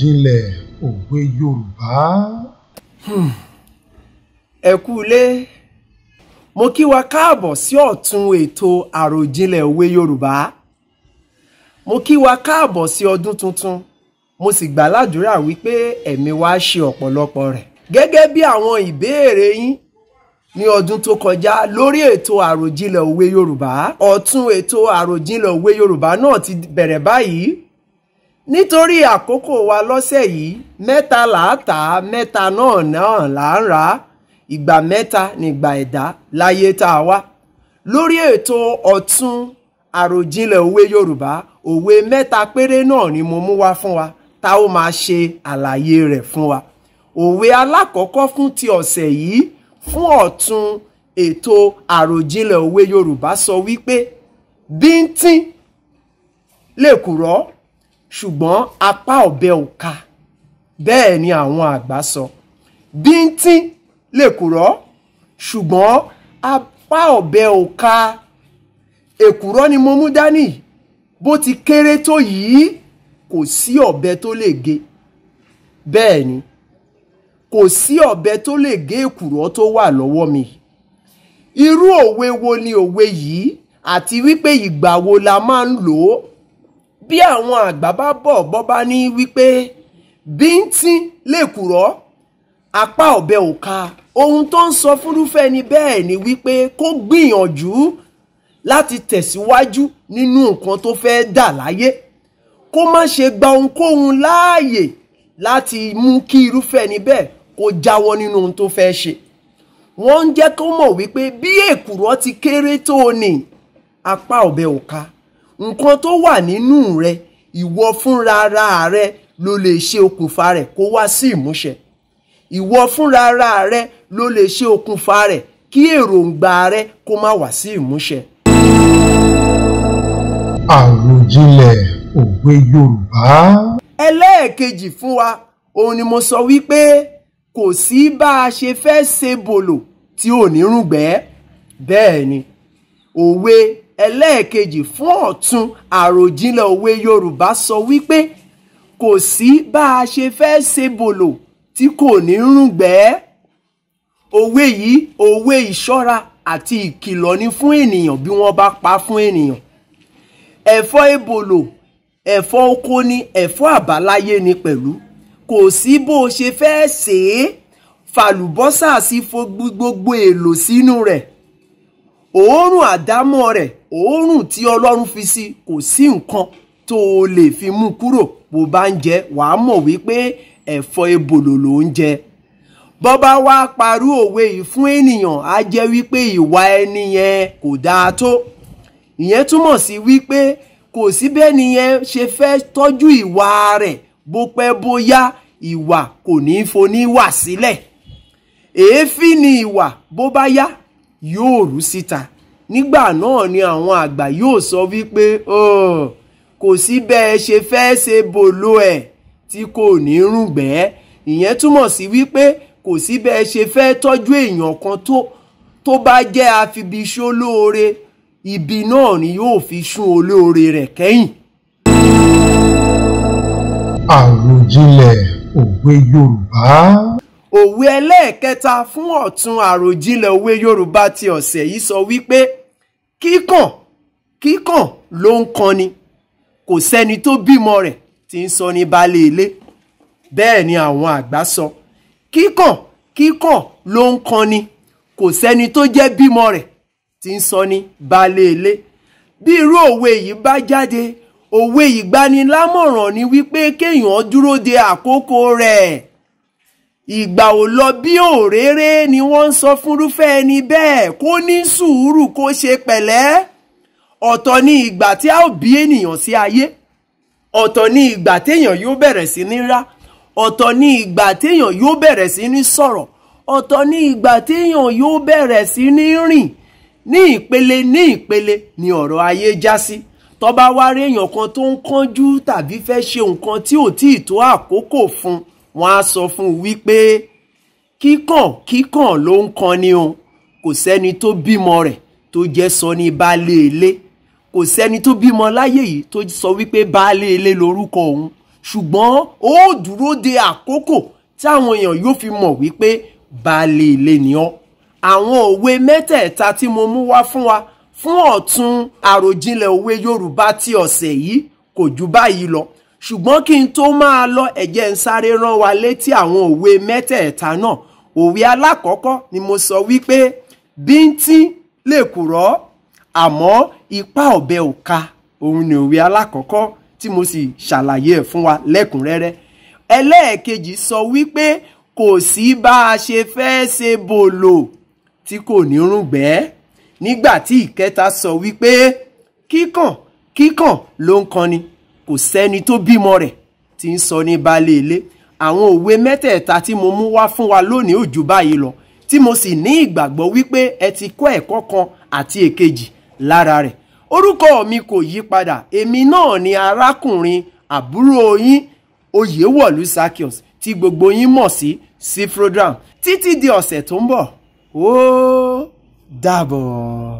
àròjinlẹ̀ òwe Yorùbá. Hmm. ẹ kú ilé mo kí wa káàbọ̀ sí ọ̀tún ètò àròjinlẹ̀ òwe Yorùbá mo kí wa káàbọ̀ sí ọdún tuntun mo sì gbàládùúrà wípé ẹ̀mí wa ṣe ọ̀pọ̀lọpọ̀ rẹ̀ gẹ́gẹ́ bí àwọn ìbéèrè yín ní ọdún tó kọjá lórí ètò àròjinlẹ̀ òwe Yorùbá ọ̀tún ètò àròjinlẹ̀ òwe Yorùbá náà ti bẹ̀rẹ̀ báyìí nítorí àkókò wa lọ́sẹ̀ yìí mẹ́ta là á tà á mẹ́ta náà náà là ń rà á ìgbà mẹ́ta nígbà ẹ̀dá láyé tá a wá lórí ètò ọ̀tún àròjinlẹ̀ òwe Yorùbá òwe mẹ́ta péré náà ni mo mú wá fún wa tá ó máa ṣe àlàyé rẹ̀ fún wa òwe alákọ̀ọ́kọ́ fún ti ọ̀sẹ̀ yìí fún ọ̀tún ètò àròjinlẹ̀ òwe Yorùbá sọ wípé bíntín lèkùrọ́ ṣùgbọ́n apá ọ̀bẹ ò ka bẹ́ẹ̀ ni àwọn àgbà sọ bíntín lèkùrọ́ ṣùgbọ́n apá ọ̀bẹ ò ka èkùrọ́ ni mo mú dání bó ti kéré tó yìí kò sí ọ̀bẹ tó lè gé bẹ́ẹ̀ ni kò sí ọ̀bẹ tó lè gé èkùrọ́ tó wà lọ́wọ́ mi irú òwe wo ni òwe yìí àti wípé ìgbà wo la máa ń lò ó bí àwọn àgbà bá bọ̀ bọ́bá ní wípé bíntín lèkùrọ́ apá ọ̀bẹ ò ka ohun tó ń sọ fúnrúfẹ́ ni bẹ́ẹ̀ ni wípé kó gbìyànjú láti tẹ̀síwájú nínú nǹkan tó fẹ́ dà láyé kó má ṣe gba ohunkóhun láàyè láti mú kí irúfẹ́ ni bẹ́ẹ̀ kó jáwọ́ nínú ohun tó fẹ́ ṣe wọ́n ń jẹ́ kó mọ̀ wípé bí èkùrọ́ ti kéré tó o ní apá ọ̀bẹ ò nǹkan tó wà nínú rẹ ìwọ fúnra ara rẹ ló lè ṣe okùnfà rẹ̀ kó wá sí ìmúṣẹ ìwọ fúnra ara rẹ ló lè ṣe okùnfà rẹ̀ kí èròǹgbà rẹ kó má wá sí ìmúṣẹ. àròjinlẹ̀ òwe yorùbá. ẹlẹ́ẹ̀kejì fún wa òun ni mo sọ wípé kò sí bá a ṣe fẹ́ ṣe bòlò tí ò ní rúgbẹ́ bẹ́ẹ̀ ni òwe ẹlẹ́ẹ̀kejì fún ọ̀tún àròjinlẹ̀ òwe yorùbá sọ wípé kò sí bá a ṣe fẹ́ ṣe bòlò tí kò ní rúgbẹ́. òwe yìí òwe ìṣọ́ra àti ìkìlọ̀ ni fún ènìyàn bí wọ́n bá pa fún ènìyàn. ẹ̀fọ́ ebòlò ẹ̀fọ́ oko ni ẹ̀fọ́ àbáláyé ni pẹ̀lú kò sí bó o ṣe fẹ́ ṣe é fàlùbọ́sà sí fo gbogbo èlò sínú rẹ̀ òórùn àdámọ́ rẹ̀ òórùn tí ọlọ́run fi sí kò sí nǹkan tó o lè fi mú kúrò bó bá ń jẹ wàá mọ̀ wípé ẹ̀fọ́ ebòlò ló ń jẹ bọ́bá wá parú òwe yìí fún ènìyàn á jẹ́ wípé ìwà ẹni yẹn kò dáa tó ìyẹn túmọ̀ sí wípé kò sí bẹ́ni yẹn ṣe fẹ́ tọ́jú ìwà rẹ̀ bó pẹ́ bóyá ìwà kò ní í foni wà sílẹ̀ èéfín ni ìwà bó bá yá yóò rú síta nígbà náà ni àwọn àgbà yóò sọ wípé kò sí bẹ́ẹ̀ ṣe fẹ́ ṣe bòló ẹ̀ tí kò ní rúgbẹ́ ìyẹn túmọ̀ sí wípé kò sí bẹ́ẹ̀ ṣe fẹ́ tọ́jú èèyàn kan tó tó bá jẹ́ afibiṣó lóore ibi náà ni yóò fi sún olóore rẹ̀ kẹ́yìn. àròjinlẹ̀ òwe yorùbá òwe ẹlẹ́ẹ̀kẹta fún ọ̀tún àròjinlẹ̀ òwe yorùbá ti ọ̀sẹ̀ yìí sọ wípé kíkàn kíkàn ló ń kọni kò sẹ́ni tó bímọ rẹ̀ tí ń sọ ní baálé ilé bẹ́ẹ̀ ni àwọn àgbà sọ kíkàn kíkàn ló ń kọni kò sẹ́ni tó jẹ́ bímọ rẹ̀ tí ń sọ ní baálé ilé bí irú òwe yìí bá jáde òwe ìgbanilámọ̀ràn ni wípé kéèyàn dúró de àkókò rẹ̀ ìgbà ò lọ bí òréré ni wọ́n ń sọ fúnrúfẹ́ ẹni bẹ́ẹ̀ kó ní sùúrù kó ṣe pẹ̀lẹ́ ọ̀tọ̀ ni ìgbà tí a ó bí ènìyàn sí ayé ọ̀tọ̀ ni ìgbà téèyàn yóò bẹ̀rẹ̀ sí ní rá ọ̀tọ̀ ni ìgbà téèyàn yóò bẹ̀rẹ̀ sí ní sọ̀rọ̀ ọ̀tọ̀ ni ìgbà téèyàn yóò bẹ̀rẹ̀ sí ní rìn ní ìpele ní ìpele ni ọ̀rọ̀ ayé já sí tó bá wá rí èèyàn kan tó ń kánjú tàbí fẹ́ ṣe nǹkan tí ò tí tó àkókò fún un wọ́n á sọ fún un wípé kíkàn kíkàn ló ń kan ni o kò sẹ́ni tó bímọ rẹ̀ tó jẹ́ sọ ní baálé ilé kò sẹ́ni tó bímọ láyé yìí tó sọ wípé baálé ilé lorúkọ òun ṣùgbọ́n ó dúró de àkókò táwọn èèyàn yóò fi mọ̀ wípé baálé ilé ni ọ́ àwọn òwe mẹ́tẹ̀ẹ̀ta tí mo mú wá fún wa fún ọ̀tún àròjinlẹ̀ òwe Yorùbá ti ọ̀sẹ̀ yìí kò jù báyìí lọ ṣùgbọ́n kí n tó máa lọ ẹ jẹ́ ń sáré rán wa létí àwọn òwe mẹ́tẹ̀ẹ̀ta náà òwe alákọ̀ọ́kọ́ ni mo sọ wípé bíntín lè kùrọ́ àmọ́ ipá ọ̀bẹ ò ka òun ni òwe alákọ̀ọ́kọ́ tí mo sì ṣàlàyé ẹ̀ fún wa lẹ́kùnrẹ́rẹ́ ẹlẹ́ẹ̀kejì sọ wípé kò sí bá a ṣe fẹ́ ṣe bòlò tí kò ní rúgbẹ́ nígbà tí ìkẹta sọ wípé kíkàn kíkàn ló ń kọni kò sẹ́ni tó bímọ rẹ̀ tí ń sọ ní baálé ilé àwọn òwe mẹ́tẹ̀ẹ̀ta tí mo mú wá fún wa lónìí ò jù báyìí lọ tí mo sì ní ìgbàgbọ́ wípé ẹ ti kọ́ ẹ̀kọ́ kan àti èkejì lára rẹ̀ orúkọ mi kò yí padà èmi náà ni arákùnrin àbúrò yín Oyèwọ̀lú Zaccheaus tí gbogbo yín mọ̀ sí Cfrodram títí di ọ̀sẹ̀ tó ń bọ̀ ó dàbọ̀.